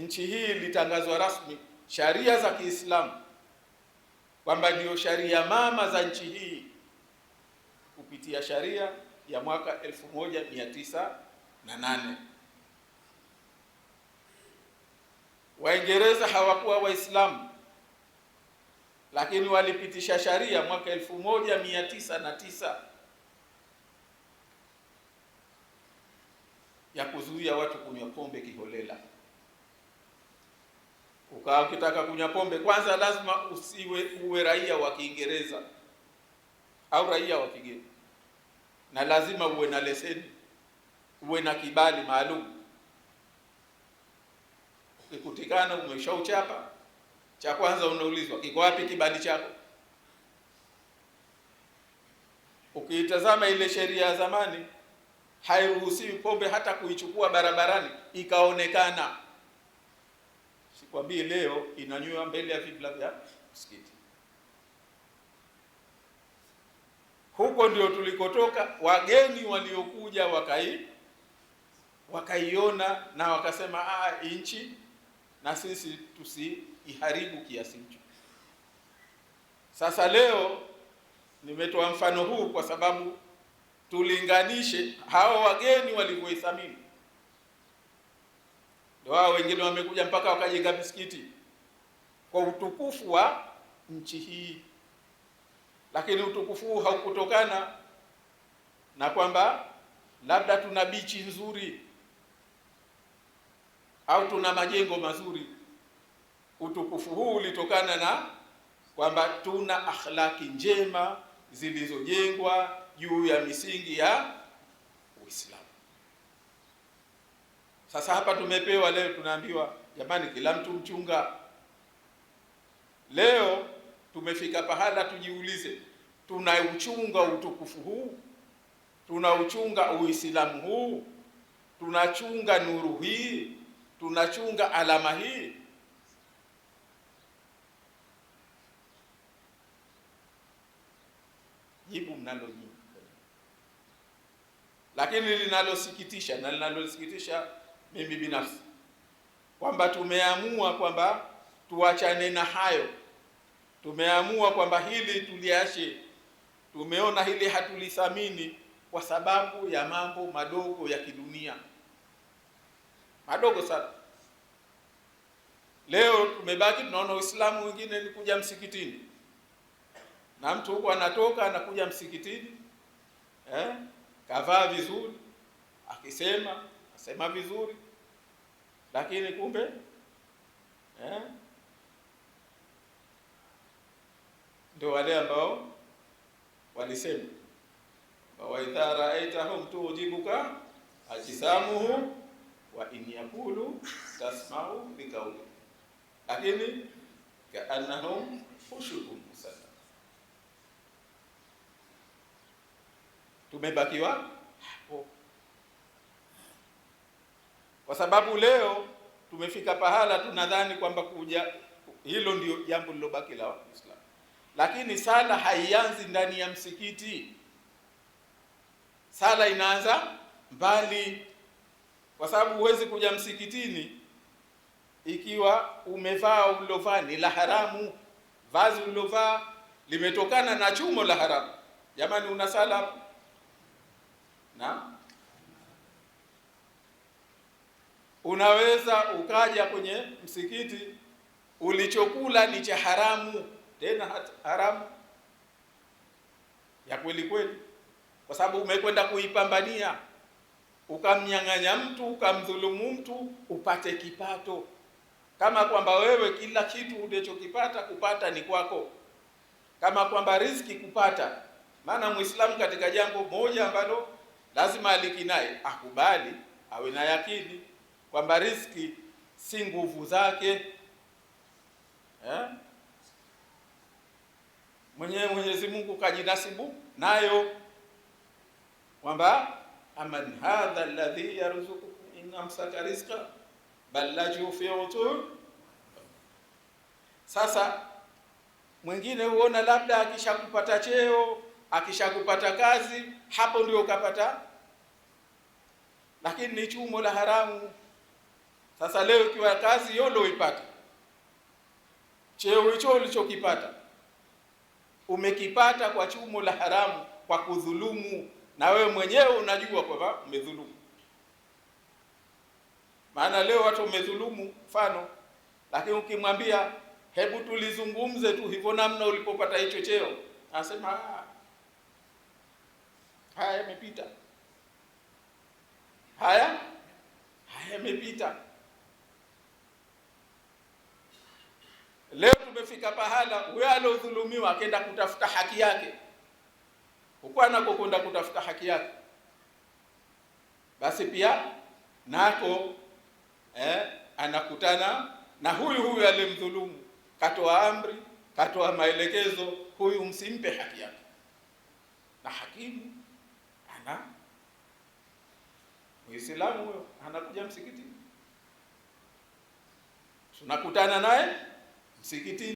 nchi hii ilitangazwa rasmi sharia za Kiislamu kwamba ndio sharia mama za nchi hii kupitia sharia ya mwaka 1908 na Waingereza hawakuwa Waislamu, lakini walipitisha sharia mwaka 1909 ya kuzuia watu kunywa pombe kiholela ukawa ukitaka kunywa pombe kwanza lazima usiwe uwe raia wa Kiingereza au raia wa kigeni, na lazima uwe na leseni, uwe na kibali maalum. Ukikutikana umeshauchapa, cha kwanza unaulizwa kiko wapi kibali chako. Ukiitazama ile sheria ya zamani, hairuhusiwi pombe hata kuichukua barabarani ikaonekana kwambie leo inanywa mbele ya kibla vya msikiti. Huko ndio tulikotoka, wageni waliokuja wakai wakaiona na wakasema ah, inchi na sisi tusiiharibu kiasi hicho. Sasa leo nimetoa mfano huu kwa sababu tulinganishe hao wageni walivyoithamini wao wengine wamekuja mpaka wakajenga misikiti kwa utukufu wa nchi hii, lakini utukufu huu haukutokana na kwamba labda tuna bichi nzuri au tuna majengo mazuri. Utukufu huu ulitokana na kwamba tuna akhlaki njema zilizojengwa juu ya misingi ya Uislamu. Sasa hapa tumepewa leo, tunaambiwa jamani, kila mtu mchunga. Leo tumefika pahala tujiulize, tunauchunga utukufu huu? Tunauchunga Uislamu huu? Tunachunga nuru hii? Tunachunga alama hii? Jibu mnalo nyinyi, lakini linalosikitisha na linalosikitisha mimi binafsi kwamba tumeamua kwamba tuachane na hayo, tumeamua kwamba hili tuliache, tumeona hili hatulithamini kwa sababu ya mambo madogo ya kidunia, madogo sana. Leo tumebaki tunaona Uislamu wengine ni kuja msikitini, na mtu huko anatoka anakuja msikitini eh, kavaa vizuri akisema sema vizuri, lakini kumbe eh, ndio wale ambao walisema waidha raaitahum tujibuka ajisamuhu wa in yakulu tasmau likauli, lakini kaannahum hushubun musannaf. Tumebakiwa hapo kwa sababu leo tumefika pahala tunadhani kwamba kuja hilo ndio jambo lilobaki la Uislamu, lakini sala haianzi ndani ya msikiti. Sala inaanza mbali, kwa sababu huwezi kuja msikitini ikiwa umevaa ulilovaa ni la haramu. Vazi ulilovaa limetokana na chumo la haramu. Jamani, una sala na unaweza ukaja kwenye msikiti ulichokula ni cha haramu, tena hata haramu ya kweli kweli, kwa sababu umekwenda kuipambania, ukamnyang'anya mtu, ukamdhulumu mtu upate kipato, kama kwamba wewe kila kitu unachokipata kupata ni kwako, kama kwamba riziki kupata. Maana Muislamu katika jambo moja ambalo lazima alikinaye, akubali, awe na yakini kwamba riziki si nguvu zake eh? Mwenyewe Mwenyezi Mungu kajinasibu nayo kwamba aman hadha alladhi yarzuku in amsaka rizqa bal lajuu fi Sasa mwingine huona labda akishakupata cheo akishakupata kazi hapo ndio ukapata, lakini ni chumo la haramu. Sasa leo ikiwa kazi hiyo ndio uipata, cheo hicho ulichokipata umekipata kwa chumo la haramu, kwa kudhulumu, na wewe mwenyewe unajua kwamba umedhulumu. Maana leo watu umedhulumu mfano, lakini ukimwambia hebu tulizungumze tu hivyo namna ulipopata hicho cheo, anasema ah, haya yamepita, haya haya yamepita. kufika pahala huyo alodhulumiwa akenda kutafuta haki yake huko anakokwenda kutafuta haki yake, basi pia nako eh, anakutana na huyu huyu alimdhulumu, katoa amri, katoa maelekezo, huyu msimpe haki yake, na hakimu ana Muislamu huyo anakuja msikitini, tunakutana naye msikitini.